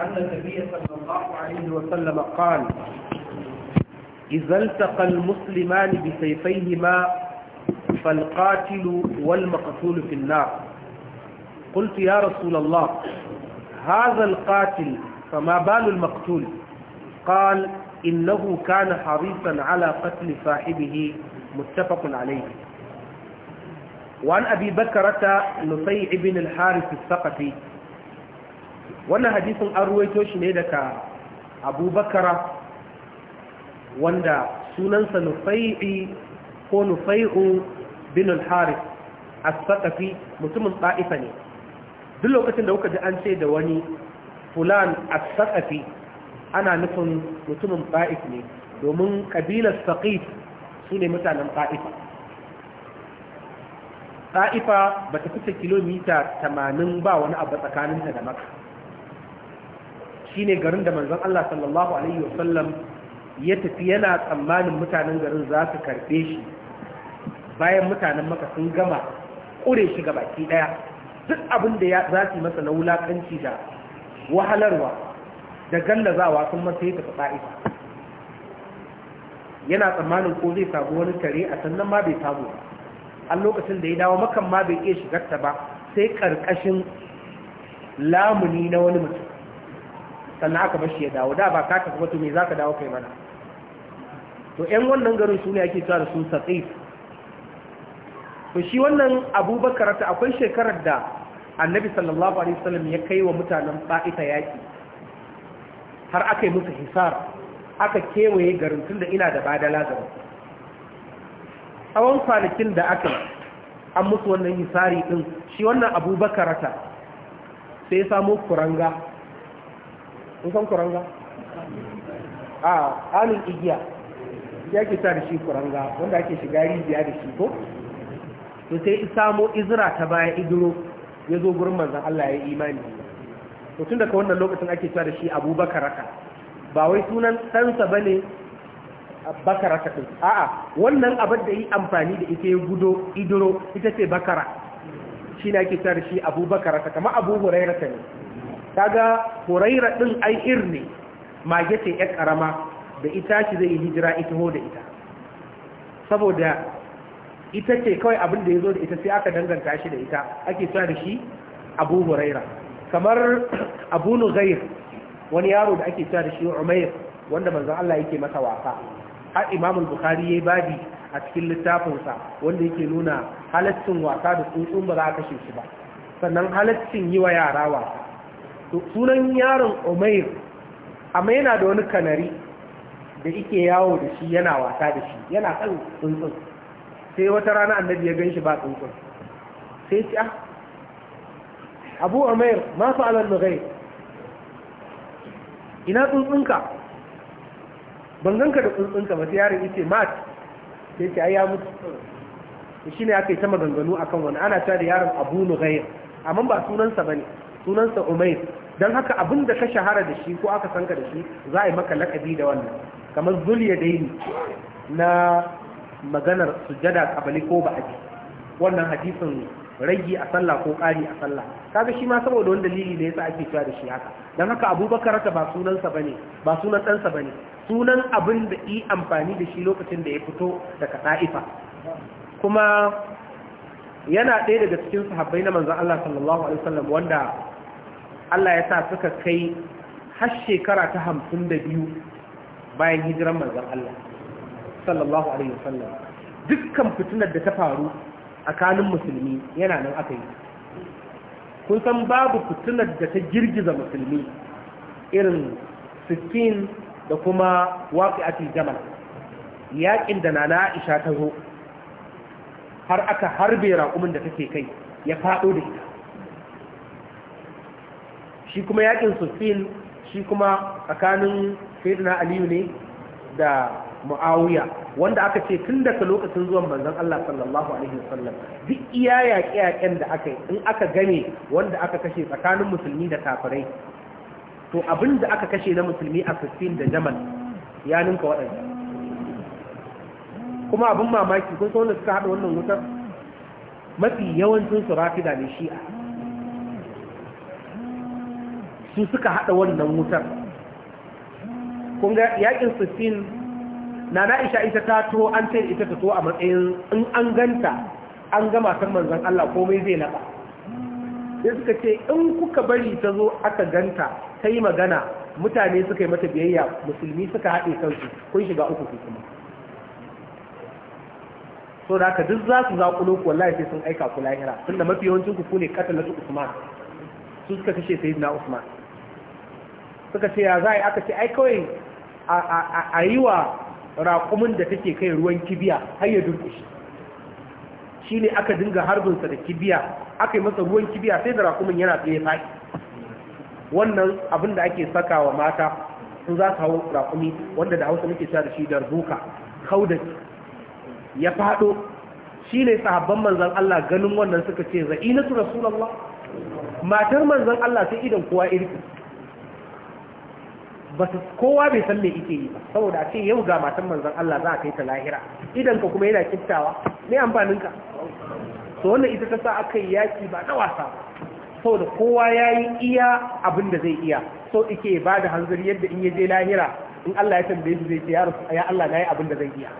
أن النبي صلى الله عليه وسلم قال إذا التقى المسلمان بسيفيهما فالقاتل والمقتول في النار قلت يا رسول الله هذا القاتل فما بال المقتول قال إنه كان حريصا على قتل صاحبه متفق عليه وعن أبي بكرة نصيع بن الحارث الثقفي wannan hadisin an ruwaito shi ne daga Abubakar, wanda sunansa nufai'i ko nufai'u bin al-harith as-saqafi mutumin ta'ifa ne duk lokacin da kuka ji an ce da wani fulan as-saqafi ana nufin mutumin ta'if ne domin kabilar saqif sune mutanen ta'ifa ta'ifa ba ta fice kilomita 80 ba wani abu tsakaninta da maka. shine garin da manzon Allah sallallahu alaihi wasallam ya tafi yana tsammanin mutanen garin za su karbe shi bayan mutanen maka sun gama ƙure shi gaba ke ɗaya duk abin da za su yi masa na wulaƙanci da wahalarwa da gallazawa sun masa yake tafi yana tsammanin ko zai samu wani tare a sannan ma bai samu a lokacin da ya dawo makan ma bai iya shigarta ba sai ƙarƙashin lamuni na wani mutum sannan aka bashi ya dawo da ba ka tafi to me za dawo kai mana to ‘yan wannan garin su ne ake cewa da su saqif to shi wannan abubakar ta akwai shekarar da annabi sallallahu alaihi wasallam ya kai wa mutanen fa'ita yaki har aka yi musu hisar aka kewaye garin tun da ina da badala da garin tsawon kwanakin da aka an musu wannan hisari ɗin shi wannan abubakar ta sai ya samo kuranga in kuranga a alin igiya ya ke sa da shi kuranga wanda ake shiga rijiya da shi ko to sai samo izra ta baya idiro ya zo gurin manzan Allah ya imani to tun daga wannan lokacin ake sa da shi abubakar raka ba wai sunan sansa ba ne bakara ta ɗin a'a wannan abin da yi amfani da ita ya gudo idiro ita ce bakara shi ne ake sa da shi abubakar raka kama abu hurairata ne kaga huraira din ai irne mage ce yar karama da ita shi zai hijira ita ho da ita saboda ita ce kawai abin da ya zo da ita sai aka danganta shi da ita ake cewa da shi abu huraira kamar abu nuzair wani yaro da ake cewa da shi umair wanda manzon Allah yake masa wasa har imamu bukhari yayi babi a cikin littafinsa wanda yake nuna halaccin wasa da tsuntsun ba za a kashe shi ba sannan halaccin yi wa yara wasa sunan yaron umair amma yana da wani kanari da ike yawo da shi yana wasa da shi yana kan tsuntsun sai wata rana annabi ya gan shi ba tsuntsun sai ci ah, abu umair ma fa'alar mugai ina tsuntsunka ban ganka da tsuntsunka ba sai yaron yace mat sai ce ai ya mutu shi ne aka yi ta maganganu akan wani ana ta da yaron abu mugai amma ba sunansa bane sunansa umair don haka abin da ka shahara da shi ko aka sanka da shi za a yi maka lakabi da wannan kamar zuliya daini na maganar sujada kabali ko ba aji wannan hadisin ragi a sallah ko ƙari a sallah kaga shi ma saboda wani dalili da yasa ake cewa da shi haka don haka abubakar ta ba sunansa bane ba sunan ɗansa bane sunan abin da yi amfani da shi lokacin da ya fito daga ta'ifa kuma yana ɗaya daga cikin sahabbai na manzon Allah sallallahu alaihi wasallam wanda Allah ya sa suka kai har shekara ta hamsin da biyu bayan hijiran manzan Allah sallallahu alaihi wasallam dukkan fitinar da ta faru tsakanin musulmi yana nan aka yi kun san babu fitinar da ta girgiza musulmi irin sittin da kuma wafi waƙi'atul jamal yaƙin da nana Aisha ta zo har aka harbe raƙumin da take kai ya faɗo da ita shi kuma yakin sufin shi kuma tsakanin saidina aliyu ne da muawiya wanda aka ce tun daga lokacin zuwan manzon Allah sallallahu alaihi wasallam duk iya yaƙe-yaƙen da aka yi in aka gane wanda aka kashe tsakanin musulmi da kafirai to abin da aka kashe na musulmi a sufin da jamal ya ninka waɗanda kuma abin mamaki kun san wanda suka haɗa wannan wutar mafi yawancin su rafida ne shi'a su suka haɗa wannan wutar kunga yakin sufin na na ita ta to an ce ita ta to a matsayin in an ganta an gama san manzon Allah komai zai naɗa sai suka ce in kuka bari ta zo aka ganta ta yi magana mutane suka yi mata biyayya musulmi suka haɗe kansu kun shiga uku ku kuma so da haka duk za su za ku wallahi sai sun aika ku lahira tunda mafi yawancin ku ne katalatu usman su suka kashe sayyidina usman suka ce ya za a yi aka ce ai kawai a yi wa raƙumin da take kai ruwan kibiya har ya durƙushi shi ne aka dinga harbinsa da kibiya aka yi masa ruwan kibiya sai da raƙumin yana tsaye fai wannan abin da ake saka wa mata sun za su hau raƙumi wanda da hausa muke sha da shi da zuka kaudaki ya faɗo shi ne sahabban manzan Allah ganin wannan suka ce za'inatu rasulallah matar manzan Allah sai idan kowa irki ba su kowa bai san me ike yi ba saboda a ce yau ga matan manzon Allah za a kai ta lahira idan ka kuma yana kittawa ne amfanin ka to wannan ita ta sa aka yi yaki ba na wasa saboda kowa ya yi iya abin da zai iya so ike ba da hanzari yadda in ya je lahira in Allah ya tambaye shi zai ce ya Allah na yi abin da zai iya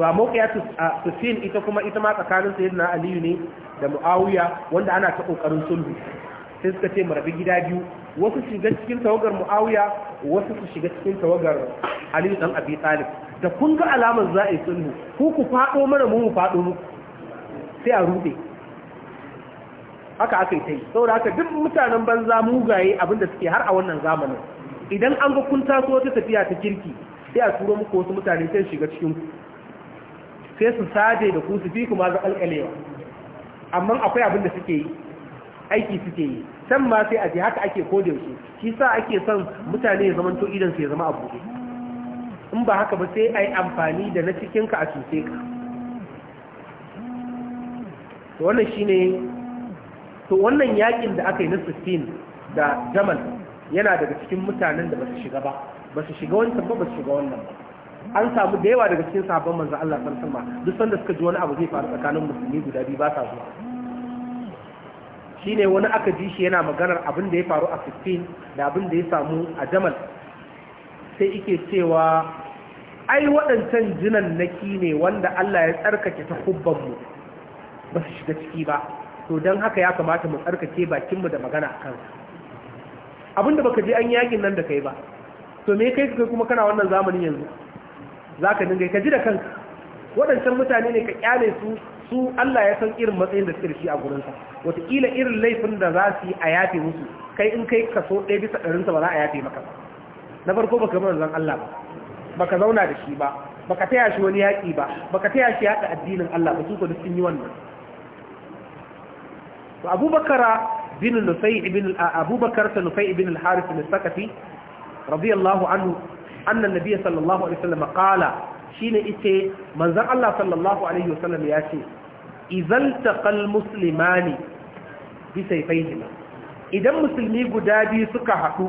ba su sufin ita kuma ita ma tsakanin na aliyu ne da muawiya wanda ana ta kokarin sulhu sai suka ce mu rabi gida biyu wasu shiga cikin tawagar muawiya wasu su shiga cikin tawagar ali dan abi talib da kun ga alamar za'i a yi ku ku fado mana mu mu fado mu sai a rube haka aka yi ta yi saboda haka duk mutanen banza mugaye abinda suke har a wannan zamanin idan an ga kun taso wata tafiya ta kirki sai a turo muku wasu mutane sai shiga cikin ku sai su saje da ku su fi kuma ga alƙalewa amma akwai abinda suke yi aiki suke yi can ma sai a je haka ake koda yaushe shi sa ake son mutane ya zama to idan su ya zama a buɗe in ba haka ba sai ai amfani da na cikin ka a cuce ka to wannan shine to wannan yakin da aka yi na 16 da Jamal yana daga cikin mutanen da ba su shiga ba ba su shiga wancan ba ba su shiga wannan ba an samu da yawa daga cikin sabon manzan Allah sallallahu alaihi wasallam duk sanda suka ji wani abu zai faru tsakanin musulmi guda biyu ba sa zuwa shine wani aka ji shi yana maganar abin da ya faru a 15 da abin da ya samu a jamal sai ike cewa ai waɗancan jinan na ne wanda Allah ya tsarkake ta hubbanmu ba su shiga ciki ba to don haka ya kamata mu tsarkake bakinmu da magana a kansu da baka je an yakin nan da kai ba to me kai kai kuma kana wannan zamanin yanzu Za ka dinga ka ji da kanka waɗancan mutane ne ka kyale su su Allah ya san irin matsayin da suke da shi a gurinsa wataƙila irin laifin da za su yi a yafe musu kai in kai kaso ɗaya bisa ɗarinsa ba za a yafe maka na farko baka zama zan Allah ba baka zauna da shi ba baka taya shi wani yaƙi ba baka taya shi yaƙa addinin Allah ba su ko duk sun yi wannan to Abubakar bin Nufay ibn Abubakar ta Nufay ibn al-Harith al-Sakafi radiyallahu anhu anna an-nabiy sallallahu alaihi wasallam qala shine ita, manzon Allah sallallahu alaihi wasallam ya ce idan taqal muslimani bi sayfayhima idan musulmi guda biyu suka haɗu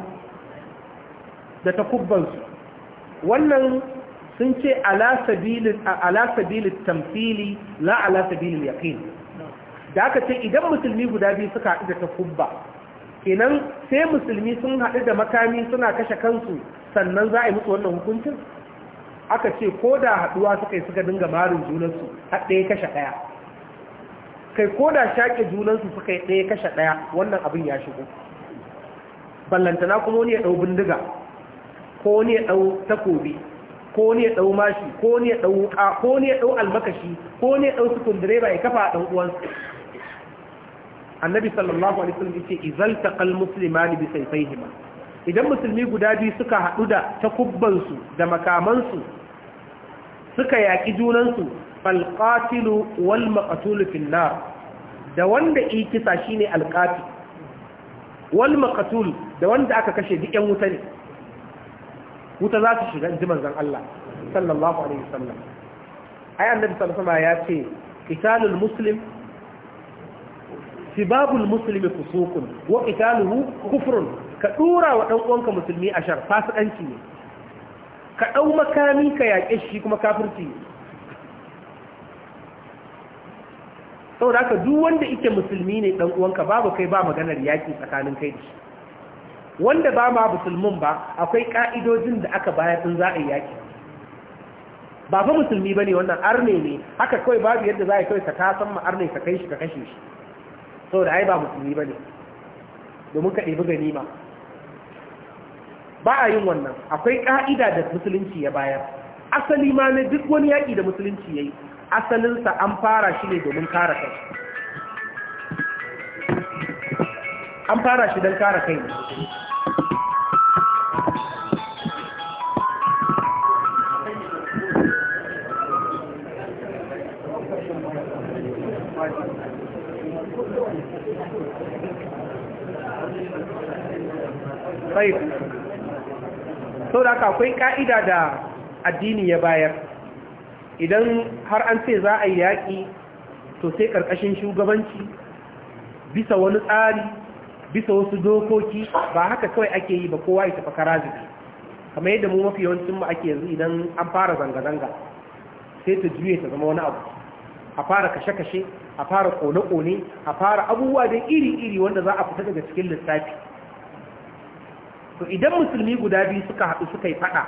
da takubbansu wannan sun ce ala sabilin tamfili la ala sabilin yaƙin da aka ce idan musulmi guda biyu suka haɗu da takubba kenan sai musulmi sun haɗu da makami suna kashe kansu sannan za a yi musu wannan hukuncin aka ce ko da haɗuwa suka yi suka dinga marin junansu har ɗaya kashe ɗaya kai ko da shaƙe junansu suka yi ɗaya kashe ɗaya wannan abin ya shigo ballantana kuma wani ya ɗau bindiga ko wani ya ɗau takobi ko wani ya ɗau mashi ko wani ya ɗau wuka ko wani ya ɗau almakashi ko wani ya ɗau sukun direba ya kafa a ɗan uwansu annabi sallallahu alaihi wasallam yace izal taqal muslimani bi hima. idan musulmi guda biyu suka haɗu da takubbansu da makamansu suka yaƙi junansu falƙatilu wal maƙatulu finna. da wanda ikisa shi ne alƙafi wal maƙatulu da wanda aka kashe duk 'yan wuta ne wuta za su shiga ji manzan Allah sallallahu alaihi wasallam ai annabi sallallahu alaihi wasallam ya ce qitalul muslim sibabul muslimi fusuqun wa qitaluhu kufrun ka dura wa dan uwanka musulmi ashar fasikanci ne ka dau makami ka yake shi kuma kafirci ne saboda haka duk wanda yake musulmi ne dan uwanka babu kai ba maganar yaki tsakanin kai da shi wanda ba ma musulmin ba akwai ka'idojin da aka bayar din za a yaki ba fa musulmi bane wannan arne ne haka kawai babu yadda za a kai ka tasan ma arne ka kai shi ka kashe shi saboda ai ba musulmi ba ne domin ka ɗebi ganima ba a yin wannan akwai ƙa'ida da musulunci ya bayar asali ma ne duk wani yaƙi da musulunci ya yi asalinsa an fara shi ne domin kare kai an fara shi don kare kai khair sau da akwai ka'ida da addini ya bayar idan har an ce za a yi yaƙi to sai ƙarƙashin shugabanci bisa wani tsari bisa wasu dokoki ba haka kawai ake yi ba kowa ya tafi karaziki kamar yadda mu mafi yawancinmu ake yanzu idan an fara zanga-zanga sai ta juye ta zama wani abu a fara kashe-kashe a fara kone-kone a fara abubuwa da iri-iri wanda za a fita daga cikin lissafi to idan musulmi guda biyu suka haɗu suka yi faɗa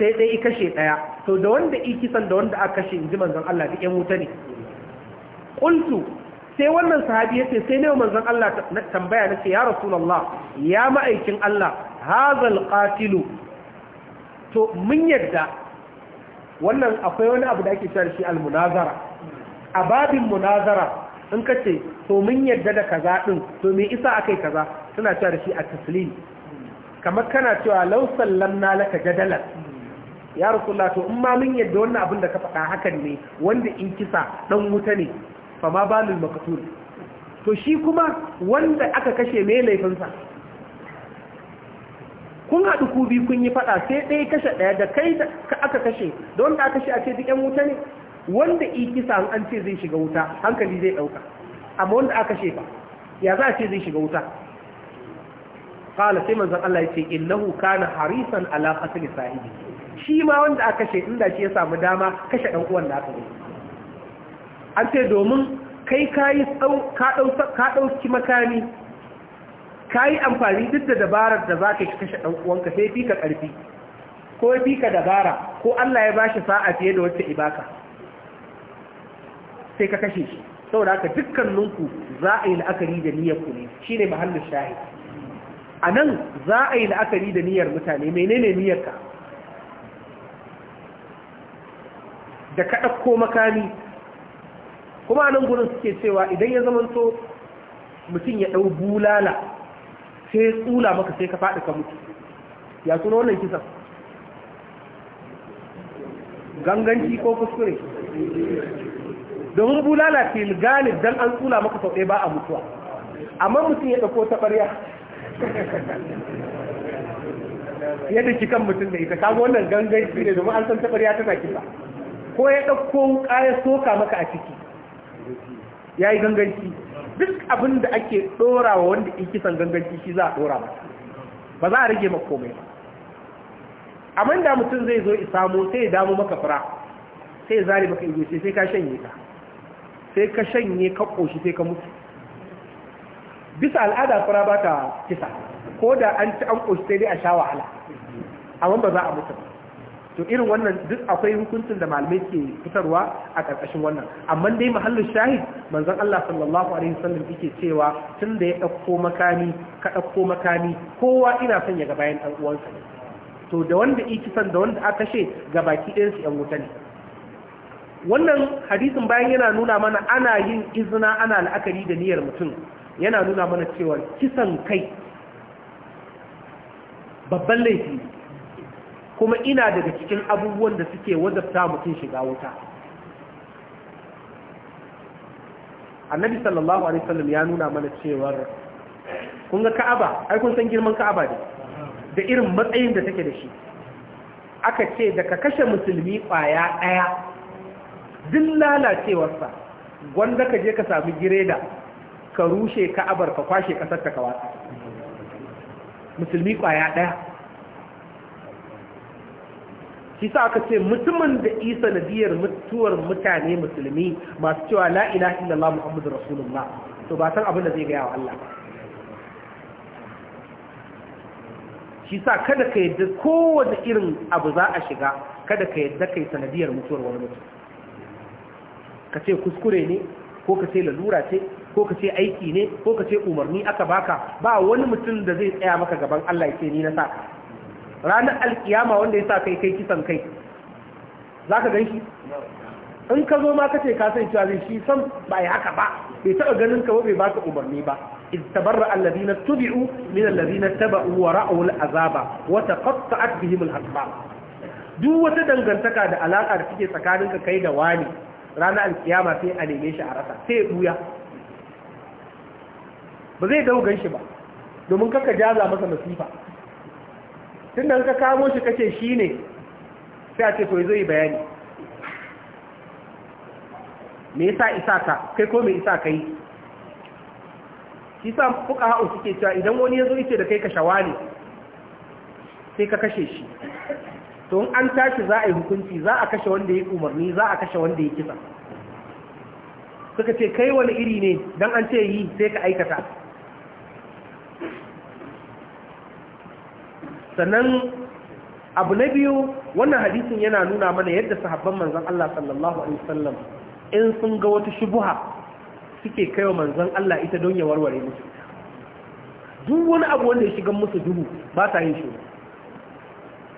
sai ɗaya kashe ɗaya to da wanda yi kisan da wanda aka kashe inji manzon Allah duk ƴan wuta ne qultu sai wannan sahabi ya ce, sai ne manzon Allah tambaya na ce ya rasulullah ya ma'aikin Allah hazal qatilu to mun yadda wannan akwai wani abu da ake cewa shi almunazara a babin munazara in kace to mun yadda da kaza din to me isa akai kaza suna cewa da shi at-taslim kamar kana cewa law sallamna laka jadalan ya rasulullah to in ma min yadda wannan abin da ka faɗa hakan ne wanda in kisa dan wuta ne fa ma balul maqtul to shi kuma wanda aka kashe me laifinsa kun haɗu ku bi kun yi faɗa sai ɗaya kashe ɗaya da kai da aka kashe da wanda aka kashe a ce duk yan wuta ne wanda in kisa an ce zai shiga wuta hankali zai ɗauka amma wanda aka kashe ba ya za a ce zai shiga wuta qala sai manzon Allah yace innahu kana harisan ala qatl sahibi shi ma wanda aka kashe inda shi ya samu dama kashe dan uwan naka ne an ce domin kai ka dau ka dauki makami kayi amfani duk da dabarar da zaka kashe dan uwanka sai fika karfi ko fika dabara ko Allah ya bashi sa'a fiye da wacce ibaka sai ka kashe shi saboda haka dukkaninku za a yi la'akari da niyyar ku ne shine mahallin shahid a nan za a yi la'akari da niyyar mutane menene niyyarka da ka ɗauko makami kuma nan gudun suke cewa idan ya zamanto mutum ya ɗau bulala sai tsula maka sai ka faɗi ka mutu ya suna wannan kisan ganganci ko kuskure domin bulala ke galib don an tsula maka sau ɗaya ba a mutuwa amma mutum ya ɗauko taɓarya ya da kan mutum da ita kaga wannan gangan shi ne domin an san tabar ya tana kisa ko ya ɗauko wuka ya soka maka a ciki ya yi ganganci duk abin da ake ɗorawa wa wanda in kisan ganganci shi za a ɗora ba ba za a rage maka komai ba amma da mutum zai zo isamo sai ya damu maka fura sai ya zare maka ido sai ka shanye ka sai ka shanye ka ƙoshi sai ka mutu bisa al'ada fara ba ta kisa ko da an ci an ƙoshi dai a sha wahala amma ba za a mutu to irin wannan duk akwai hukuncin da malamai ke fitarwa a ƙarƙashin wannan amma dai mahallin shahid manzon Allah sallallahu alaihi wasallam yake cewa tun da ya ɗauko makami ka ɗauko makami kowa ina son ya ga bayan ɗan uwansa to da wanda yake san da wanda aka she ga baki ɗayan su ƴan wuta ne wannan hadisin bayan yana nuna mana ana yin izina ana la'akari da niyyar mutum yana nuna mana cewa kisan kai babban laifi kuma ina daga cikin abubuwan da suke wazabta mutum shiga wuta annabi sallallahu alaihi wasallam ya nuna mana cewar kun ga ka'aba ai kun san girman ka'aba ne da irin matsayin da take da shi aka ce da ka kashe musulmi kwaya daya din lalacewarsa gwanda ka je ka sami gireda ka rushe ka'abar ka kwashe kasar ka kawa musulmi kwaya daya shi sa aka ce mutumin da isa nadiyar mutuwar mutane musulmi masu cewa la illallah muhammadu rasulullah to ba san abin da zai gaya wa Allah shi sa kada ka yadda kowane irin abu za a shiga kada ka yadda yi sanadiyar mutuwar wani mutum ka ce kuskure ne ko ka ce lalura ce ko ka ce aiki ne ko ka ce umarni aka baka ba wani mutum da zai tsaya maka gaban Allah ce ni na sa ranar alkiyama wanda ya sa kai kai kisan kai zaka gan shi in ka zo ma ka ce ka cewa zai shi san ba ya haka ba bai taɓa ganin ka bai baka umarni ba إذ تبرأ الذين اتبعوا من الذين azaba. Wata العذاب وتقطعت بهم الأسباب duk wata dangantaka da alaƙa da suke tsakaninka kai da wani ranar alkiyama sai a neme shi a rasa sai ya ba zai dau ganshi ba domin kaka jaza masa masifa Tunda ka kamo shi kace shi ne sai a ce to zai bayani me yasa isa ka kai ko me isa kai yi shi sa fuka ha'u suke cewa idan wani yazo yace da kai ka shawali sai ka kashe shi to an tashi za a yi hukunci za a kashe wanda ya umarni za a kashe wanda ya kisa suka ce kai wani iri ne don an ce yi sai ka aikata sannan abu na biyu wannan hadisin yana nuna mana yadda sahabban manzan Allah sallallahu alaihi wasallam in sun ga wata shubuha suke kaiwa manzan Allah ita don ya warware musu duk wani abu wanda ya shiga musu duhu ba sa yin shi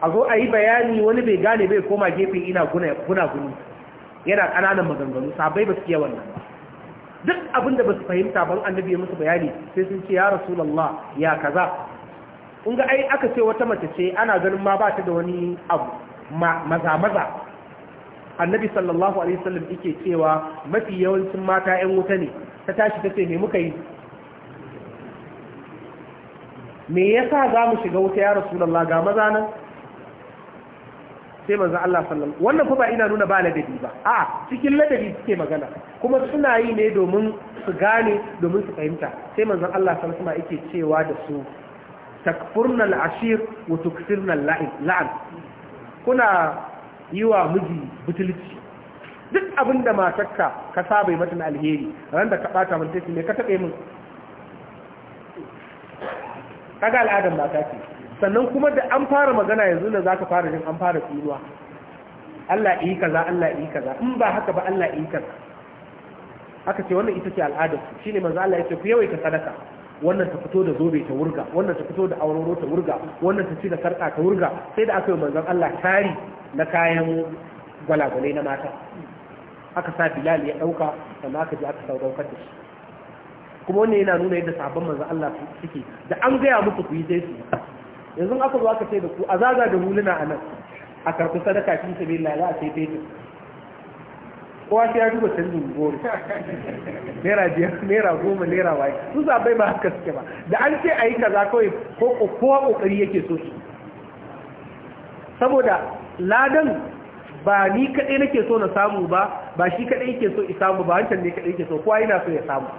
a zo a yi bayani wani bai gane bai koma gefe ina guna guni yana ƙananan maganganu sabai ba su yi wannan duk abin da ba su fahimta ban annabi ya musu bayani sai sun ce ya rasulallah ya kaza in ga ai aka ce wata mace ce ana ganin ma ba ta da wani abu maza maza annabi sallallahu alaihi wasallam yake cewa mafi yawancin mata ƴan wuta ne ta tashi ta ce me muka yi me yasa za mu shiga wuta ya rasulullah ga maza nan sai manzo Allah sallallahu wannan fa ba ina nuna ba ladabi ba a cikin ladabi suke magana kuma suna yi ne domin su gane domin su fahimta sai manzo Allah sallallahu alaihi wasallam yake cewa da su takfurna al'ashir wa tukfirna la'an kuna yi wa miji butulci duk abinda matarka ka saba mata na alheri ran da ka bata mun tace me ka tabe min kaga al'adar mata ce sannan kuma da an fara magana yanzu ne, za ka fara jin an fara tsinuwa Allah yi kaza Allah yi kaza in ba haka ba Allah yi kaza Haka ce wannan ita ce al'adar shine manzo Allah yake ku yawaita sadaka wannan ta fito da zobe ta wurga wannan ta fito da auroro ta wurga wannan ta ci da sarƙa ta wurga sai da aka yi manzon Allah tari na kayan gwalagwale na mata aka sa Bilal ya ɗauka sannan aka ji aka sau ɗaukar da shi kuma wannan yana nuna yadda sahabban manzon Allah suke da an gaya muku ku yi dai su yanzu aka zo aka ce da ku a zaga da huluna a nan a karɓi sadaka fi sabilillah za a sai dai kowa sai ya duba canjin goro naira biyar naira goma naira waye Sun zabai ba haka suke ba da an ce a yi kaza kawai ko kowa kokari yake so su saboda ladan ba ni kadai nake so na samu ba ba shi kadai yake so samu ba wancan ne kadai yake so kowa yana so ya samu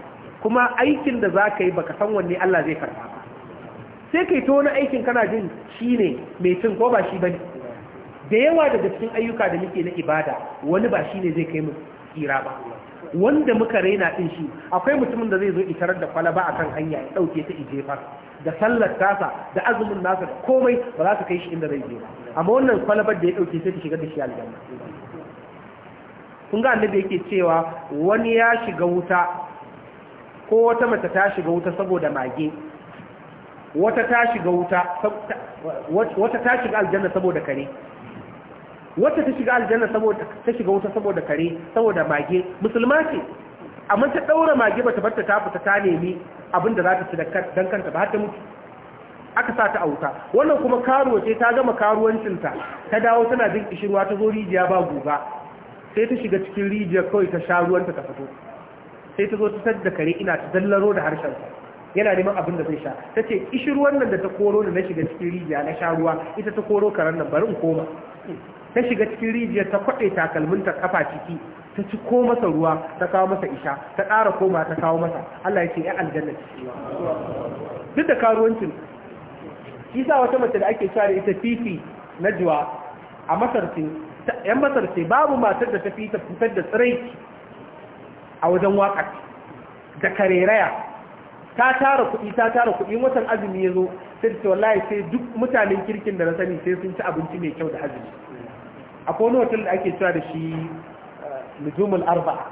kuma aikin da za ka yi baka san wanne Allah zai karɓa ba sai kai ta wani aikin kana jin shi ne mai cin ko ba shi bane da yawa daga cikin ayyuka da muke na ibada wani ba shi ne zai kai mu tsira ba wanda muka raina din shi akwai mutumin da zai zo itarar da kwalaba akan hanya ya dauke ta ijefa da sallar tasa da azumin nasa da komai ba za su kai shi inda zai je amma wannan kwalabar da ya dauke sai ta shiga da shi aljanna kun ga annabi yake cewa wani ya shiga wuta ko wata mace ta shiga wuta saboda mage wata ta shiga wuta wata ta shiga aljanna saboda kare wacce ta shiga aljanna saboda ta shiga wuta saboda kare saboda mage musulma ce amma ta daura mage bata barta ta fita ta nemi abin da za ta ci dan kanta ba har ta mutu aka sa ta a wuta wannan kuma karuwa ce ta gama karuwancinta ta dawo tana jin kishirwa ta zo rijiya ba guga sai ta shiga cikin rijiyar kawai ta sha ta fito sai ta zo ta sadda kare ina ta dallaro da harshen yana neman abin da zai sha ta ce kishirwan nan da ta koro da na shiga cikin rijiya na sha ruwa ita ta koro karen nan bari in koma ta shiga cikin rijiyar ta kwaɗe takalminta kafa ciki ta ci ko masa ruwa ta kawo masa isha ta ƙara koma ta kawo masa Allah ya ce ya aljanna duk da karuwancin isa wata mace da ake share ita fifi na juwa a masar ce yan masar ce babu matar da ta fi ta fitar da tsirai a wajen waƙar da kareraya ta tara kuɗi ta tara kuɗi watan azumi ya zo sai da wallahi sai duk mutanen kirkin da na sani sai sun ci abinci mai kyau da azumi akwai wani hotel da ake cewa da shi eh, nujumul arba'a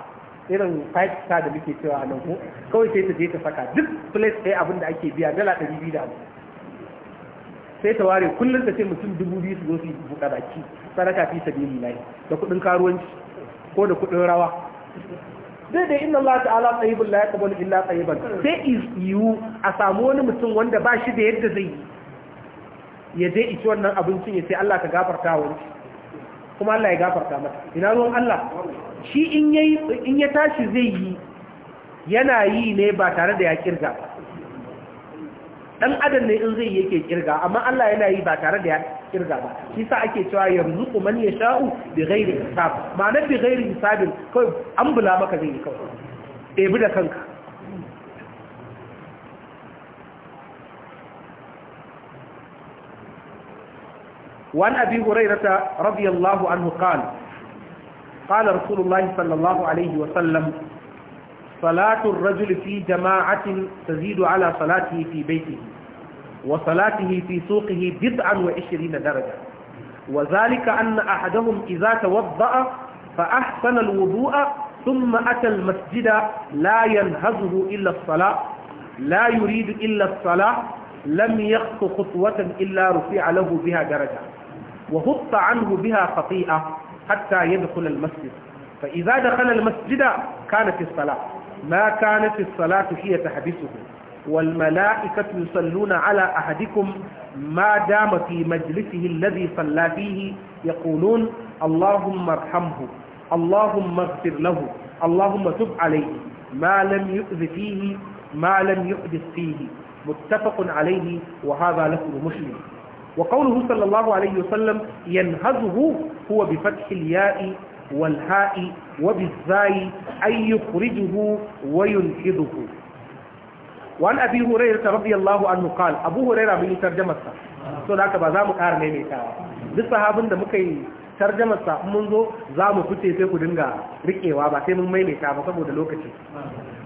irin five star da muke cewa a nan ko kawai sai ta je ta saka duk place ɗaya abin da ake biya dala ɗari biyu da sai ta ware kullum ta ce mutum dubu biyu su zo su yi baki sadaka fi sabili lai da kuɗin karuwanci ko da kuɗin rawa dai da inna Allah ta'ala tsayibin la yaqbalu illa tsayiban sai yiwu a samu wani mutum wanda ba shi da yadda zai yi ya je ici wannan abincin ya sai Allah ka gafarta wa kuma Allah ya gafarta mata ina ruwan Allah shi in yayi in ya tashi zai yi yana yi ne ba tare da ya kirga dan adam ne in zai yake kirga amma Allah yana yi ba tare da ya kirga ba shi sa ake cewa yarzuqu man yasha'u bi ghairi hisab ma'ana bi ghairi hisab kai an bula maka zai yi kawai ebi da kanka وعن أبي هريرة رضي الله عنه قال قال رسول الله صلى الله عليه وسلم صلاة الرجل في جماعة تزيد على صلاته في بيته وصلاته في سوقه بضعا وعشرين درجة وذلك أن أحدهم إذا توضأ فأحسن الوضوء ثم أتى المسجد لا ينهزه إلا الصلاة لا يريد إلا الصلاة لم يخط خطوة إلا رفع له بها درجة وهط عنه بها خطيئة حتى يدخل المسجد فإذا دخل المسجد كانت الصلاة ما كانت الصلاة هي تحبسه والملائكة يصلون على أحدكم ما دام في مجلسه الذي صلى فيه يقولون اللهم ارحمه اللهم اغفر له اللهم تب عليه ما لم يؤذ فيه ما لم يحدث فيه متفق عليه وهذا لفظ مسلم وقوله صلى الله عليه وسلم ينهزه هو بفتح الياء والهاء وبالزاي أي يخرجه وينهضه وعن أبي هريرة رضي الله عنه قال أبو هريرة من ترجمة so da haka ba za mu ƙara maimaitawa duk sahabin da muka yi tarjamarsa mun zo za mu fice sai ku dinga riƙewa ba sai mun maimaita ba saboda lokaci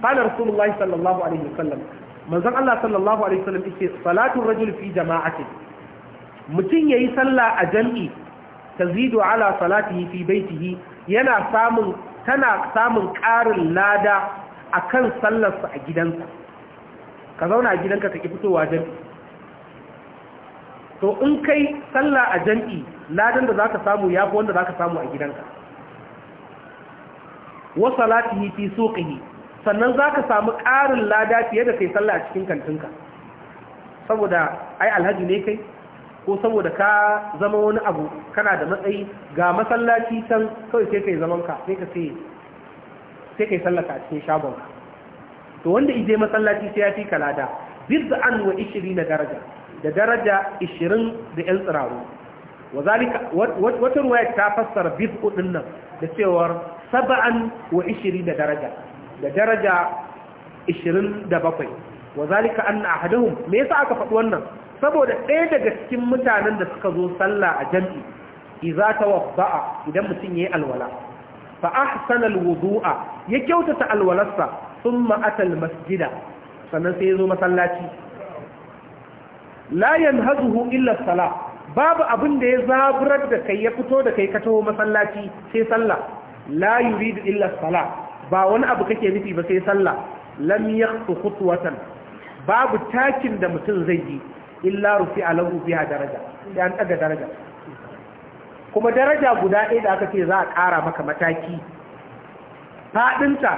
قال رسول الله صلى الله عليه وسلم manzon Allah sallallahu alaihi wasallam yake salatul rajul fi jama'atin mutun yayi sallah a jami'i tazidu ala salatihi fi baitihi yana samun tana samun ƙarin lada akan sallarsa a gidansa ka zauna a gidanka ka ki fitowa jami'i to in kai sallah a jami'i ladan da zaka samu yafi wanda zaka samu a gidanka wa salatihi fi suqihi sannan za ka samu ƙarin lada fiye da kai sallah a cikin kantinka saboda ai alhaji ne kai ko saboda ka zama wani abu kana da matsayi ga masallaci can kawai sai kai zaman ka sai ka sai kai sallaka a cikin shagon ka to wanda ije masallaci sai ya fi ka lada bid'an wa 20 na daraja da daraja 20 da yan tsiraro wazalika wata ruwaya ta fassara bid'u dinnan da cewar sab'an wa da daraja da daraja 27 wa zalika anna ahaduhum me yasa aka faɗi wannan saboda ɗaya daga cikin mutanen da suka zo sallah a jami'i idza tawaffa'a idan mutum yayi alwala fa ahsana alwudu'a ya kyautata alwalarsa thumma ma'atal masjida, sannan sai ya zo masallaci la yanhazuhu illa salat babu abin da ya zaburar da kai ya fito da kai ka taho masallaci sai sallah la yuridu illa salah ba wani abu kake nufi ba sai sallah lam yaqtu khutwatan babu takin da mutum zai yi illa rufi alahu biha daraja sai an daga daraja kuma daraja guda ɗaya da aka ce za a ƙara maka mataki faɗinta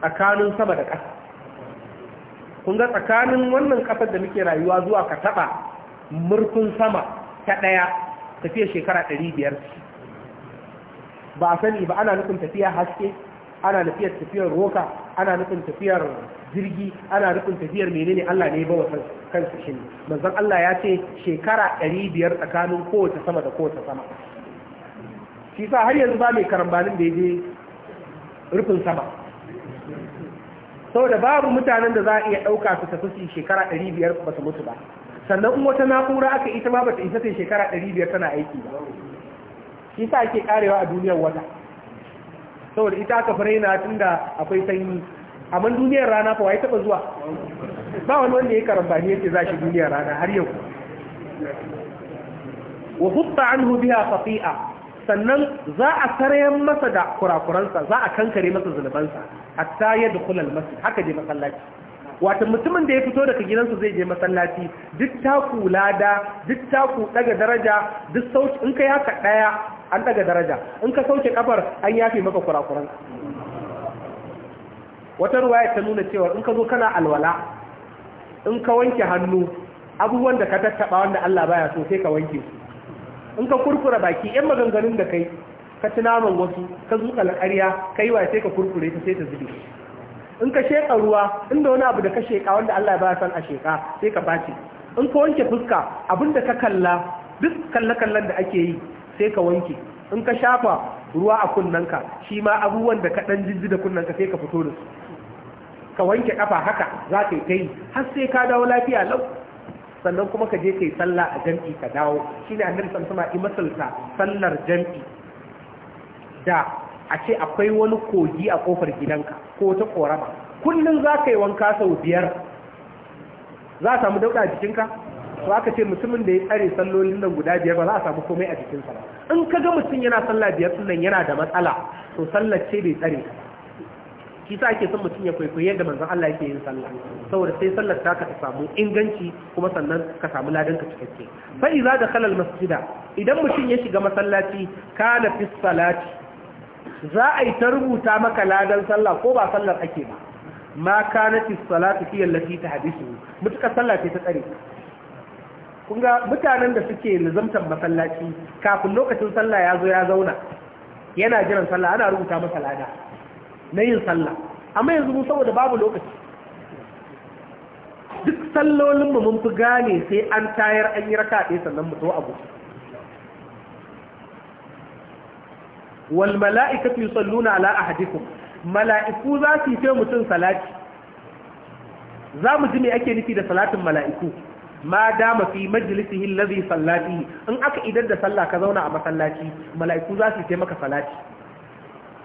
tsakanin sama da ƙasa kun ga tsakanin wannan ƙasar da muke rayuwa zuwa ka taɓa murfin sama ta ɗaya tafiya shekara ɗari biyar ba a sani ba ana nufin tafiya haske ana nufiyar tafiyar roka ana nufin tafiyar jirgi ana nufin tafiyar menene Allah ne ba wasan kansu shi ne manzon Allah ya ce shekara ɗari biyar tsakanin kowace sama da kowace sama shi sa har yanzu ba mai karambanin da ya je rufin sama saboda babu mutanen da za a iya ɗauka su tafi su shekara ɗari biyar ba su mutu ba sannan in wata na'ura aka ita ma ba ta isa sai shekara ɗari biyar tana aiki ba shi sa ake karewa a duniyar wata saboda ita aka fara yana tunda akwai sanyi amma duniyar rana fa wai taba zuwa ba wani wanda ya karambani yake za shi duniyar rana har yau wa hutta anhu biha qati'a sannan za a sarayen masa da kurakuransa za a kankare masa zunubansa hatta ya dukhulal masjid haka je masallaci wato mutumin da ya fito daga gidansa zai je masallaci duk taku lada duk taku daga daraja duk sauci in kai haka daya an daga daraja in ka sauke kafar an yafe maka kurakuran wata ruwaya ta nuna cewa in ka zo kana alwala in ka wanke hannu abubuwan da ka tattaba wanda Allah baya so sai ka wanke su in ka kurkura baki yan maganganun da kai ka ci naman wasu ka zuka alƙarya ka yi wa sai ka kurkure ta sai ta zube in ka sheƙa ruwa inda wani abu da ka sheƙa wanda Allah baya son a sheƙa sai ka bace in ka wanke fuska abin da ka kalla duk kalle-kallen da ake yi sai ka wanke in ka shafa ruwa a kunnanka shi ma abubuwan da ka ɗan jijji da kunnanka sai ka fito da su ka wanke kafa haka za ka yi ta yi har sai ka dawo lafiya lau sannan kuma ka je ka yi sallah a jam'i ka dawo shi ne annabi san sama masalta sallar jam'i da a ce akwai wani kogi a kofar gidanka ko ta korama kullum za ka yi wanka sau biyar za a samu dauɗa jikinka to aka ce mutumin da ya tsare sallolin nan guda biyar ba za a samu komai a jikinsa ba in ka ga mutum yana sallah biyar sunan yana da matsala to sallar ce bai tsare shi sa ake son mutum ya kwaikwayi yadda manzon Allah yake yin sallah saboda sai sallar ta ka samu inganci kuma sannan ka samu ladan ka cikakke fa da dakhala al masjida idan mutum ya shiga masallaci kana fi salati za a yi ta rubuta maka ladan sallah ko ba sallar ake ba ma kanati salatu fi allati tahdisu mutuka sallah ce ta tsare kun ga mutanen da suke nizamtar masallaci kafin lokacin sallah ya zo ya zauna yana jiran sallah ana rubuta masa lada na yin sallah amma yanzu mu saboda babu lokaci duk sallolin mu mun fi gane sai an tayar an yi raka ɗaya sannan mu zo abu wal mala'ikatu yusalluna ala ahadikum mala'iku za su yi mutum salati za mu ji me ake nufi da salatin mala'iku ma dama fi majlisihi allazi sallati in aka idar da sallah ka zauna a masallaci mala'iku za su taimaka salati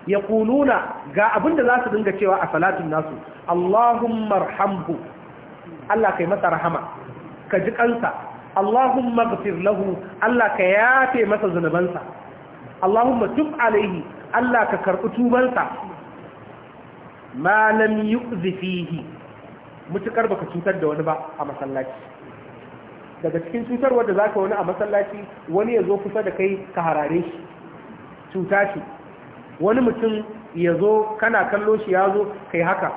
yaquluna ga abinda za su dinga cewa a salatin nasu Allahumma arhamhu Allah kai masa rahama ka ji kansa Allahumma ighfir lahu Allah ka yafe masa zunubansa Allahumma tub alaihi Allah ka karbi tubansa ma lam yu'zi fihi mutukar baka cutar da wani ba a masallaci daga cikin cutarwar da za ka wani a masallaci wani ya zo kusa da kai ka harare shi cuta shi. wani mutum ya zo kana kallo shi ya zo kai haka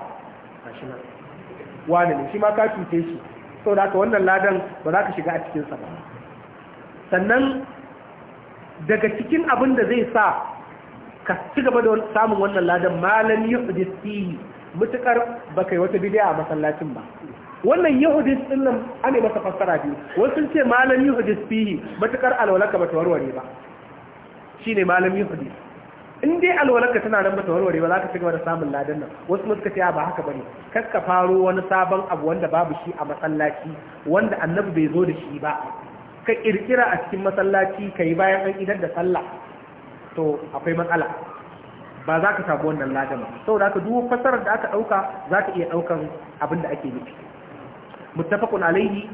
wani ne shi ma ka cuce shi sau da aka wannan ladan ba za ka shiga a cikinsa ba sannan daga cikin abin da zai sa ka ci gaba da samun wannan ladan malam yi mutukar ba kai wata bidiyar a masallacin ba wannan yahudis din nan an yi masa fassara biyu wasu ce malam yahudis fihi matukar alwalaka bata warware ba Shi ne malam yahudis in dai alwalarka tana nan bata warware ba za ka ci da samun ladan nan wasu mu ce ba haka bane kar ka faro wani sabon abu wanda babu shi a masallaci wanda annabi bai zo da shi ba ka kirkira a cikin masallaci kai bayan an idar da sallah to akwai matsala ba za ka samu wannan ladan ba saboda haka duk fassarar da aka dauka za ka iya daukan abin da ake nufi muttafaqun alaihi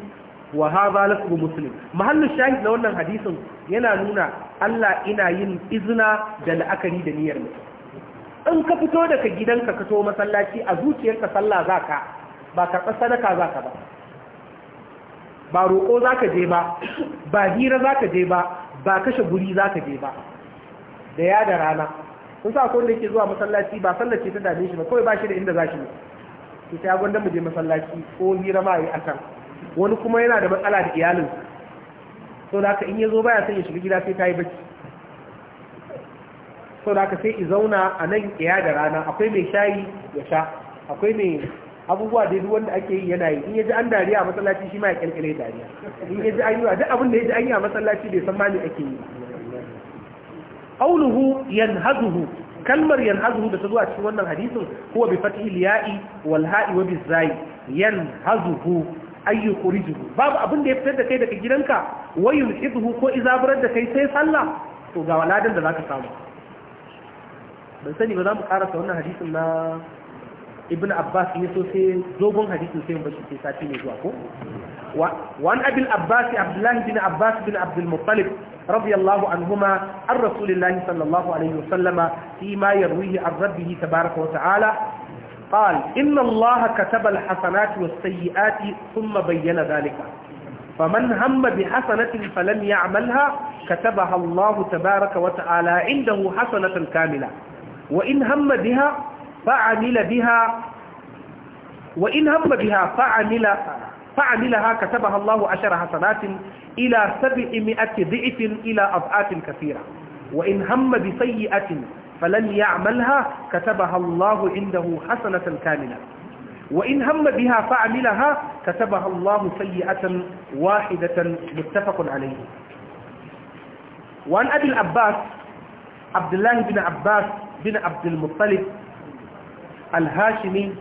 wa hadha lafzu muslim mahallu shahid na wannan yana nuna Allah ina yin izina da la'akari da niyyar mutum in ka fito daga gidanka ka to masallaci a zuciyarka sallah zaka ba ka tsasa sadaka zaka ba ba roƙo zaka je ba ba hira zaka je ba ba kashe guri zaka je ba da ya da rana kun sa ko ne yake zuwa masallaci ba sallar ta dame shi ba kawai ba shi da inda za ne ki ta gwanda mu je masallaci ko hira ma yi akan wani kuma yana da matsala da iyalin so da haka in ya baya sai ya shiga gida sai ta yi bacci so da haka sai i zauna a nan iya da rana akwai mai shayi ya sha akwai mai abubuwa da duk wanda ake yi yana yi in yaji an dariya a masallaci shi ma ya dariya in yaji an yi duk abin da yaji an yi a masallaci bai san ma ake yi qawluhu yanhazuhu kalmar yanhazu da ta zuwa cikin wannan hadisin huwa bi fathil ya'i wal ha'i wa bi zai yanhazuhu ay yukhrijuhu babu abin da ya fitar da kai daga gidanka wa yulhiduhu ko izabarar da kai sai sallah to ga waladan da zaka samu ban sani ba za mu karasa wannan hadisin na ibn abbas ne so sai dogon hadisin sai mu bashi sai sati ne zuwa ko wa an abil abbas abdullahi bin abbas bin abdul muttalib رضي الله عنهما عن رسول الله صلى الله عليه وسلم فيما يرويه عن ربه تبارك وتعالى قال إن الله كتب الحسنات والسيئات ثم بين ذلك فمن هم بحسنة فلم يعملها كتبها الله تبارك وتعالى عنده حسنة كاملة وإن هم بها فعمل بها وإن هم بها فعمل فعملها كتبها الله عشر حسنات إلى سبعمائة ضعف إلى أضعاف كثيرة وإن هم بسيئة فلن يعملها كتبها الله عنده حسنة كاملة وإن هم بها فعملها كتبها الله سيئة واحدة متفق عليه وعن أبي العباس عبد الله بن عباس بن عبد المطلب الهاشمي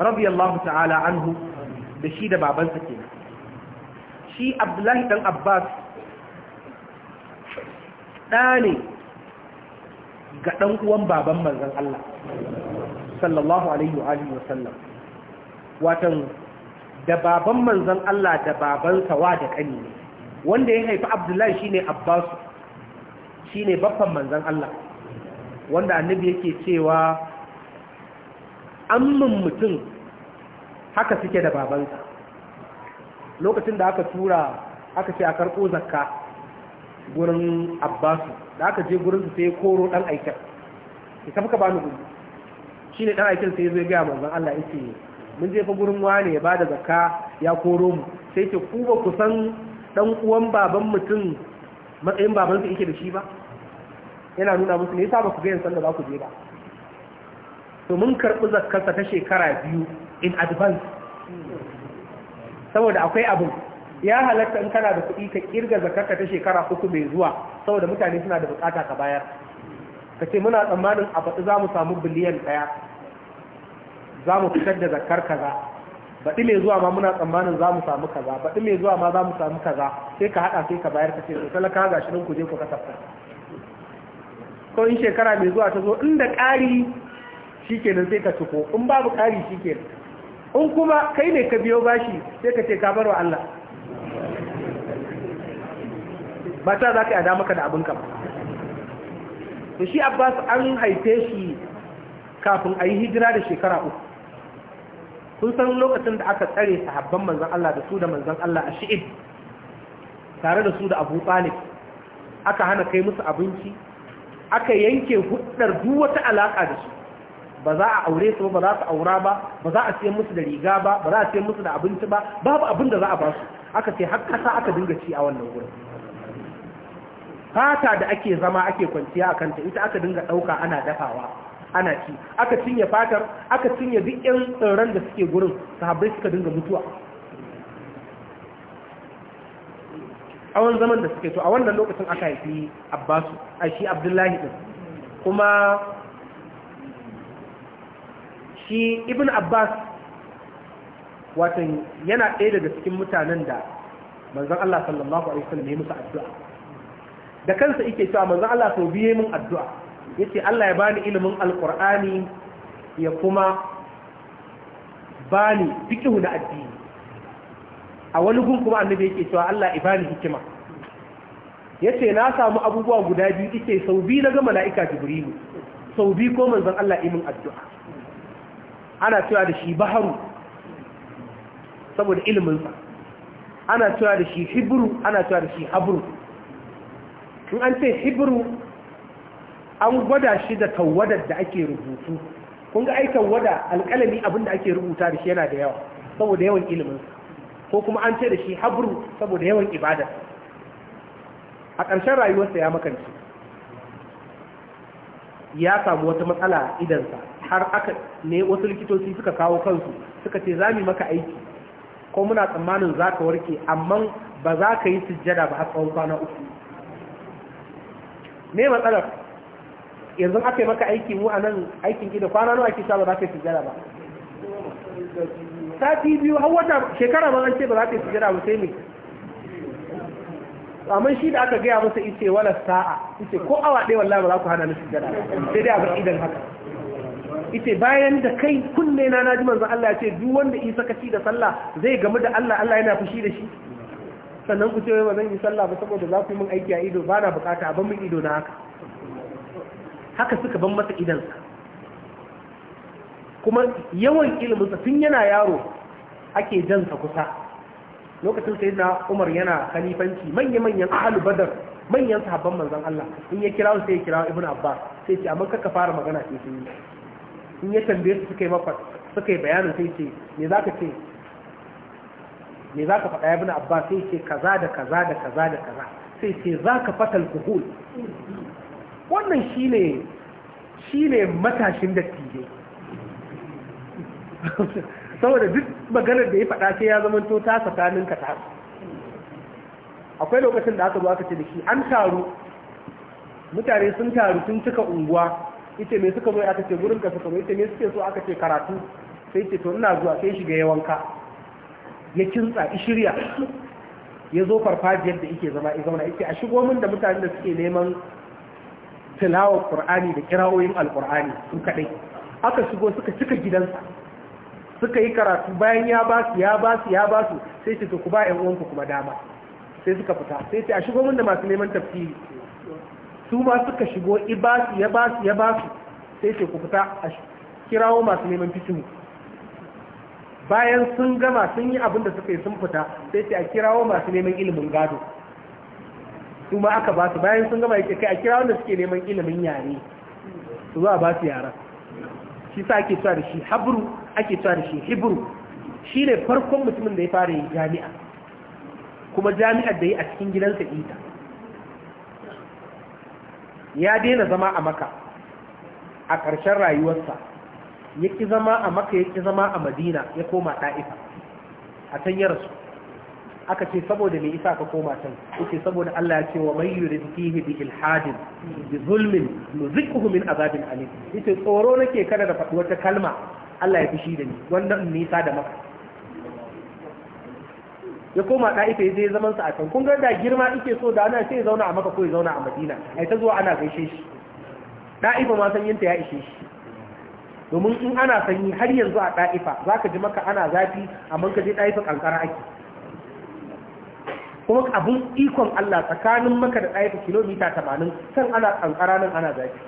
رضي الله تعالى عنه بشيد سكينه shi abdullahi ɗan abbas ɗa ne ga ɗan uwan baban manzan Allah sallallahu alaihi wa sallam watan da baban manzan Allah da babansa wa da ƙani ne wanda ya haifi abdullahi shi ne abbas shine babban manzan Allah wanda annabi yake cewa ammin mutum haka suke da babansa lokacin da aka tura aka ce a karɓo zakka gurin abbasu da aka je gurin su sai koro ɗan aikin ya tafi ka ba ni gudu shi ne ɗan aikin sai zai gaya manzon Allah ya ce mun je fa gurin wani ya bada zakka ya koro mu sai ce ku ba ku san ɗan uwan baban mutum matsayin baban babansa yake da shi ba yana nuna musu ne yasa ba ku ga yin sallah ba ku je ba to mun karɓi zakkarsa ta shekara biyu in advance saboda akwai abin ya halatta in kana da kuɗi ka kirga zakarka ta shekara uku mai zuwa saboda mutane suna da bukata ka bayar ka ce muna tsammanin a faɗi za mu samu biliyan ɗaya za mu fitar da zakar kaza baɗi mai zuwa ma muna tsammanin za mu samu kaza baɗi mai zuwa ma za mu samu kaza sai ka haɗa sai ka bayar ka ce to talaka ga shi nan ku je ku kasafta ko in shekara mai zuwa ta zo inda ƙari shikenan sai ka tuko in babu ƙari shikenan in kuma kai ne ka biyo bashi sai ka ce ka bar wa Allah ba ta za ka yada maka da abinka ba to shi abbas an haife shi kafin ayi yi hijira da shekara uku kun san lokacin da aka tsare sahabban manzan Allah da su da manzan Allah a shi'id tare da su da abu talib aka hana kai musu abinci aka yanke hudar duk wata alaka da su ba za a aure su ba za su aura ba ba za a ce musu da riga ba ba za a ce musu da abinci ba babu abin da za a ba su aka ce har kasa aka dinga ci a wannan wurin fata da ake zama ake kwanciya a kanta ita aka dinga ɗauka ana dafawa ana ci aka cinye fatar aka cinye duk yan tsirran da suke gurin sahabbai suka dinga mutuwa A wani zaman da suke to a wannan lokacin aka haifi abbasu a shi abdullahi din kuma shi ibn abbas watan yana ɗaya daga cikin mutanen da manzan Allah sallallahu alaihi wasallam ya musu addu'a da kansa ike cewa manzan Allah sau biye min addu'a Ya ce Allah ya bani ilimin Alƙur'ani ya kuma bani fiqhu na addini a wani gun kuma annabi yake cewa Allah ya bani hikima Ya ce na samu abubuwa guda biyu ike sau biyu na ga mala'ika jibrilu sau biyu ko manzan Allah imin addu'a ana cewa da shi baharu saboda iliminsa ana cewa da shi hibru, ana cewa da shi habru in an ce hibru an gwada shi da tawadar da ake rubutu kun ga ai wada alƙalami abin da ake rubuta da shi yana da yawa saboda yawan iliminsa ko kuma an ce da shi habru saboda yawan ibada a ƙarshen rayuwarsa ya makanci ya samu wata matsala idansa har aka ne wasu likitoci suka kawo kansu suka ce za mu maka aiki ko muna tsammanin za ka warke amma ba za ka yi sujjada ba har tsawon kwana uku me matsalar yanzu aka yi maka aiki mu a nan aikin gida kwana nawa ake sha ba za ka yi sujjada ba sati biyu har wata shekara ba an ce ba za ka yi sujjada ba sai me amma shi da aka gaya masa ice wala sa'a ice ko awa ɗaya wallahi ba za ku hana ni sujjada sai dai a bar idan haka ita bayan da kai kunne na naji manzo Allah ya ce duk wanda isa kaci da sallah zai gamu da Allah Allah yana fushi da shi sannan ku ce wai ba yi sallah ba saboda za ku yi min aiki a ido ba na bukata a ban min ido na haka haka suka ban masa idan kuma yawan iliminsa tun yana yaro ake sa kusa lokacin sai na umar yana khalifanci manya-manyan ahlul badar manyan sahabban manzon Allah in ya kira sai ya kira ibn abbas sai ce amma kaka fara magana sai sun yi in ya tambaye su suka yi maka suka yi bayanin sai ce me za ka ce me za ka faɗa yab'in abba sai ce kaza da kaza da kaza da kaza sai ce za ka fatal kuhul wannan shine ne matashin dattijai saboda duk maganar da ya faɗa sai ya zama to ta tsakanin ka ta akwai lokacin da aka zo aka ce da shi an taru mutane sun taru sun cika unguwa ita me suka zo aka ce gurin ka suka zo ita me suke so aka ce karatu sai ce to ina zuwa sai shiga yawanka ya kintsa shirya ya zo farfajiyar da yake zama ya zauna yake a shigo min da mutanen da suke neman tilawar qur'ani da kira'oyin alqur'ani su kadai aka shigo suka cika gidansa suka yi karatu bayan ya ba su ya ba su ya ba su sai ce to ku ba ƴan uwanku kuma dama sai suka fita sai ce a shigo min da masu neman tafsiri su ma suka shigo ibasu ya basu ya basu sai ce ku fita a kirawo masu neman fitinu bayan sun gama sun yi abin da suka yi sun fita sai ce a kirawo masu neman ilimin gado su ma aka basu bayan sun gama yake kai a kirawo da suke neman ilimin yare su zuwa basu yara. shi sa ake cewa da shi habru ake cewa da shi hibru shi ne farkon mutumin da ya fara yi jami'a kuma jami'ar da yi a cikin gidansa ita ya daina zama a maka a ƙarshen rayuwarsa ya ƙi zama a maka ya ƙi zama a madina ya koma Ta'ifa. a can ya rasu aka ce saboda mai isa ka koma can yake saboda Allah ya ce wa mai yurid fihi bi ilhadin bi zulmin nuzikuhu min azabin alim ita tsoro nake kada da faɗuwar ta kalma Allah ya fishi da ni wannan nisa da maka ya koma ɗa'ifa ya je zaman sa a can kun ga da girma ike so da ana sai zauna a maka ko ya zauna a madina ai ta zuwa ana gaishe shi ɗa'ifa ma sanyinta ya ishe shi domin in ana sanyi har yanzu a ɗa'ifa za ka ji maka ana zafi amma ka je ɗa'ifa ƙanƙara ake kuma abin ikon Allah tsakanin maka da ɗa'ifa kilomita tamanin can ana ƙanƙara nan ana zafi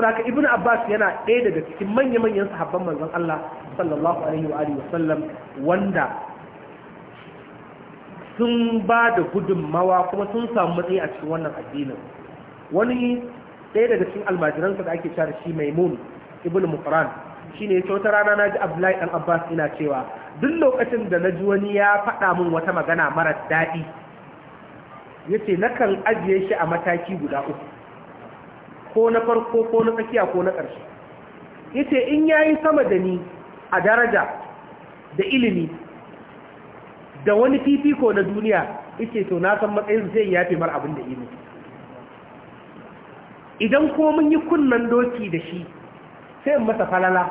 saboda haka ibn abbas yana ɗaya daga cikin manya-manyan sahabban manzon Allah sallallahu alaihi wa alihi wanda sun ba da gudunmawa kuma sun samu matsayi a cikin wannan addinin wani ɗaya daga cikin almajiransa da ake cewa shi maimun ibn muqran shine yace wata rana na ji abdullahi dan abbas ina cewa duk lokacin da na ji wani ya faɗa min wata magana mara daɗi yace nakan ajiye shi a mataki guda uku ko na farko ko na tsakiya ko na ƙarshe yace in yayi sama da ni a daraja da ilimi da wani fifiko na duniya yace to na san matsayin zai yafe mar abin da ilimi idan ko mun yi kunnan doki da shi sai in masa falala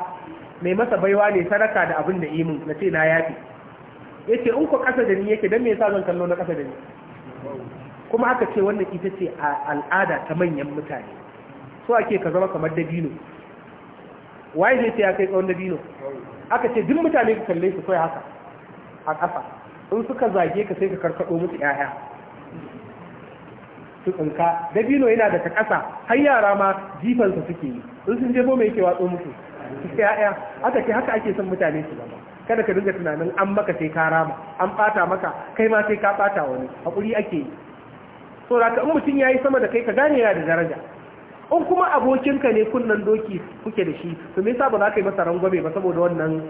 mai masa baiwa ne sadaka da abin da imin na ce na yafi yace in ku kasa da ni yake dan me yasa zan kallo na kasa da ni kuma aka ce wannan ita ce al'ada ta manyan mutane so ake ka zama kamar dabino waye zai ce ya kai tsawon dabino aka ce duk mutane ka kalle su kai haka a ƙasa in suka zage ka sai ka karkaɗo musu ƴaƴa su tsinka dabino yana da ta ƙasa har yara ma jifansa suke yi in sun jefo mai yake watso musu su ƴaƴa aka ce haka ake son mutane su zama kada ka dinga tunanin an maka sai ka rama an ɓata maka kai ma sai ka ɓata wani haƙuri ake yi saboda ka in mutum ya yi sama da kai ka gane yana da daraja in kuma abokinka ne kunnan doki kuke da shi to me yasa ba za ka yi masa rangwame ba saboda wannan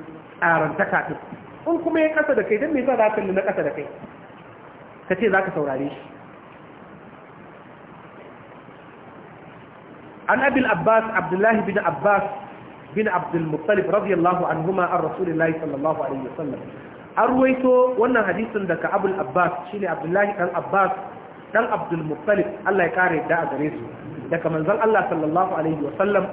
arantaka din in kuma ya kasa da kai dan me yasa za ka yi na kasa da kai ka ce za ka saurare shi an abil abbas abdullahi bin abbas bin abdul muttalib radiyallahu anhuma an rasulillahi sallallahu alaihi wasallam an ruwaito wannan hadisin daga abul abbas shine abdullahi dan abbas dan abdul muttalib Allah ya kare da a gare su daga manzon Allah sallallahu alaihi wa sallam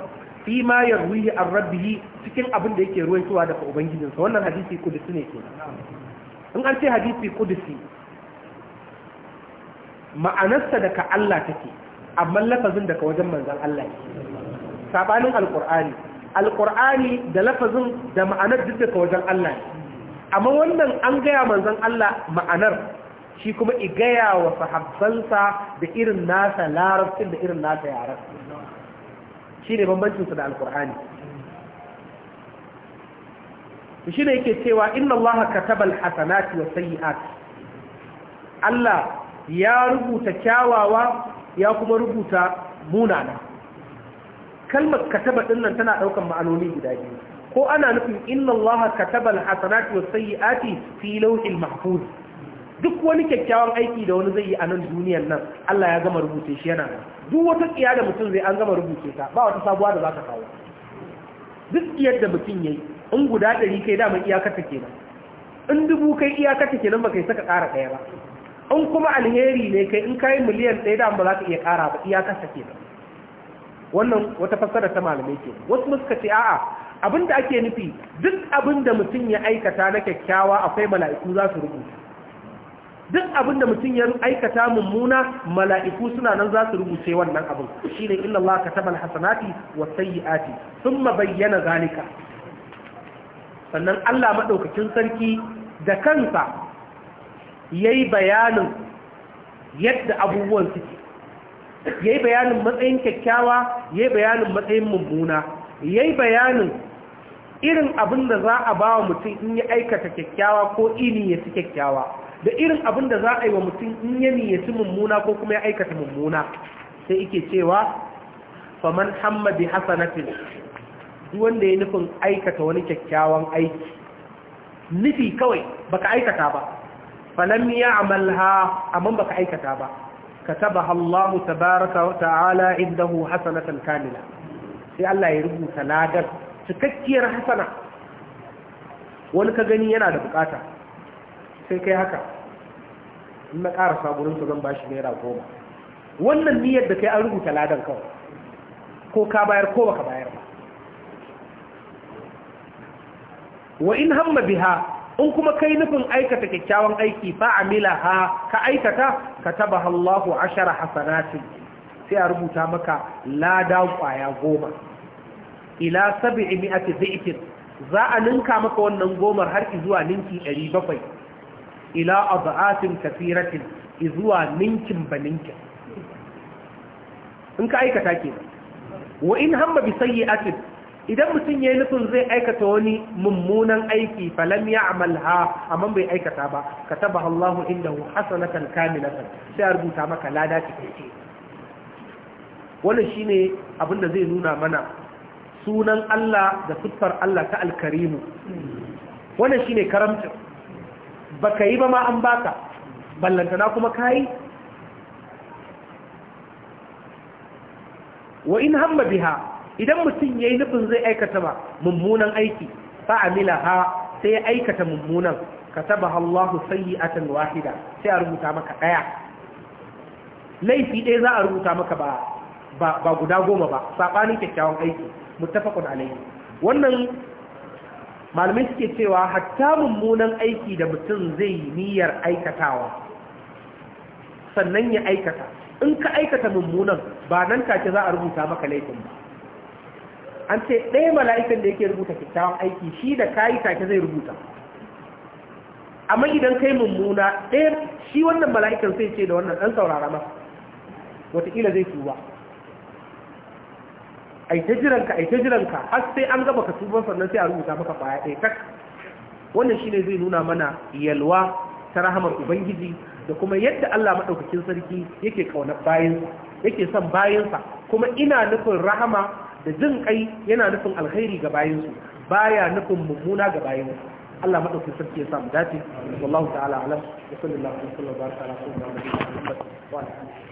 fi ma yarwihi an rabbihi cikin abin da yake ruwaitowa daga ubangijinsa wannan hadisi kudusi ne ke in an ce hadisi kudusi ma'anarsa daga Allah take amma lafazin daga wajen manzan Allah ne sabanin alqur'ani alqur'ani da lafazin da ma'anar duk daga wajen Allah ne amma wannan an gaya manzan Allah ma'anar shi kuma igaya wa sahabbansa da irin nasa larabcin da irin nasa yaran shi ne bambancinsu da alkur'ani shi ne yake cewa inna allaha katabal hasanati wa sayyi'at Allah ya rubuta kyawawa ya kuma rubuta munana kalmar kataba dinnan tana daukan ma'anoni guda biyu ko ana nufin inna allaha katabal hasanati was sayyiati fi lawhil mahfuz duk wani kyakkyawan aiki da wani zai yi a nan duniyar nan Allah ya gama rubuce shi yana nan duk wata tsiya da mutum zai an gama rubuce ta ba wata sabuwa da za ka kawo duk tsiyar da mutum ya yi in guda ɗari kai dama iyakar ta kenan in dubu kai iyakar ta kenan ba kai saka ƙara ɗaya ba in kuma alheri ne kai in kayi miliyan ɗaya dama ba za ka iya ƙara ba iyakar ta kenan wannan wata fassara ta malamai ke wasu muska ce a'a abinda ake nufi duk abinda mutum ya aikata na kyakkyawa akwai mala'iku za su rubuta duk abin da mutum ya aikata mummuna mala'iku suna nan za su rubuce wannan abin Shi ne illa Allah kataba alhasanati wa sayyiati thumma bayyana zalika sannan Allah madaukakin sarki da kansa yayi bayanin yadda abubuwan suke yayi bayanin matsayin kyakkyawa yayi bayanin matsayin mummuna yayi bayanin irin abin da za a ba wa mutum in ya aikata kyakkyawa ko ini ya fi kyakkyawa da irin abin da za a yi wa mutum in ya niyyaci mummuna ko kuma ya aikata mummuna sai ike cewa faman hamadi hasanatin duk wanda ya nufin aikata wani kyakkyawan aiki nufi kawai baka aikata ba falam ya ha amma baka aikata ba Ka taba hallahu tabaraka wa ta'ala indahu hasanatan kamila sai Allah ya rubuta ladar cikakkiyar hasana wani ka gani yana da bukata sai kai haka in na ƙara su zan ba shi naira goma wannan niyyar da kai an rubuta ladan kawai ko ka bayar ko baka bayar ba wa in hamma biha in kuma kai nufin aikata kyakkyawan aiki fa amila ha ka aikata ka taba Allahu ashara hasanatin sai a rubuta maka lada kwaya goma ila sab'i mi'ati dhi'fin za a ninka maka wannan gomar har zuwa ninki 700 ila adha'atin kathiratin zuwa ninkin ninkin. in ka aikata ke wa in hamma bi sayyi'atin idan mutum yi nufin zai aikata wani mummunan aiki falam ya'malha amma bai aikata ba katabaha Allahu indahu hasanatan kamilatan sai rubuta maka lada cikakke wannan shine abin da zai nuna mana sunan Allah da siffar Allah ta alkarimu wannan shine karamcin baka yi ba ma an baka na kuma kayi wa in hamma biha idan mutum yayi nufin zai aikata ba mummunan aiki fa ha, sai ya aikata mummunan katabaha Allah sayyi'atan wahida sai a rubuta maka daya laifi ɗaya za a rubuta maka ba ba guda goma ba saɓanin kyakkyawan aiki mutafakun alayhi wannan malamai suke cewa hatta mummunan aiki da mutum zai yi niyyar aikatawa sannan ya aikata in ka aikata mummunan ba nan kake za a rubuta maka laifin ba an ce ɗaya mala'ikan da yake rubuta kyakkyawan aiki shi da kayi kake zai rubuta amma idan kai mummuna ɗaya shi wannan mala'ikan sai ce da wannan ɗan saurara masa wataƙila zai tuba ai ta jiranka ai ta jiranka har sai an gaba ka tuban sannan sai a rubuta maka baya ɗaya tak wannan shine zai nuna mana yalwa ta rahamar ubangiji da kuma yadda Allah madaukakin sarki yake ƙaunar bayansa yake son bayansa kuma ina nufin rahama da jin kai yana nufin alkhairi ga bayansu baya nufin mummuna ga bayansu Allah madaukakin sarki ya samu dace wallahu ta'ala alam wa sallallahu alaihi wa sallam wa ala sayyidina Muhammad wa ala